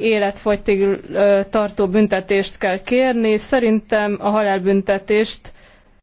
életfogytig tartó büntetést kell kérni. Szerintem a halálbüntetést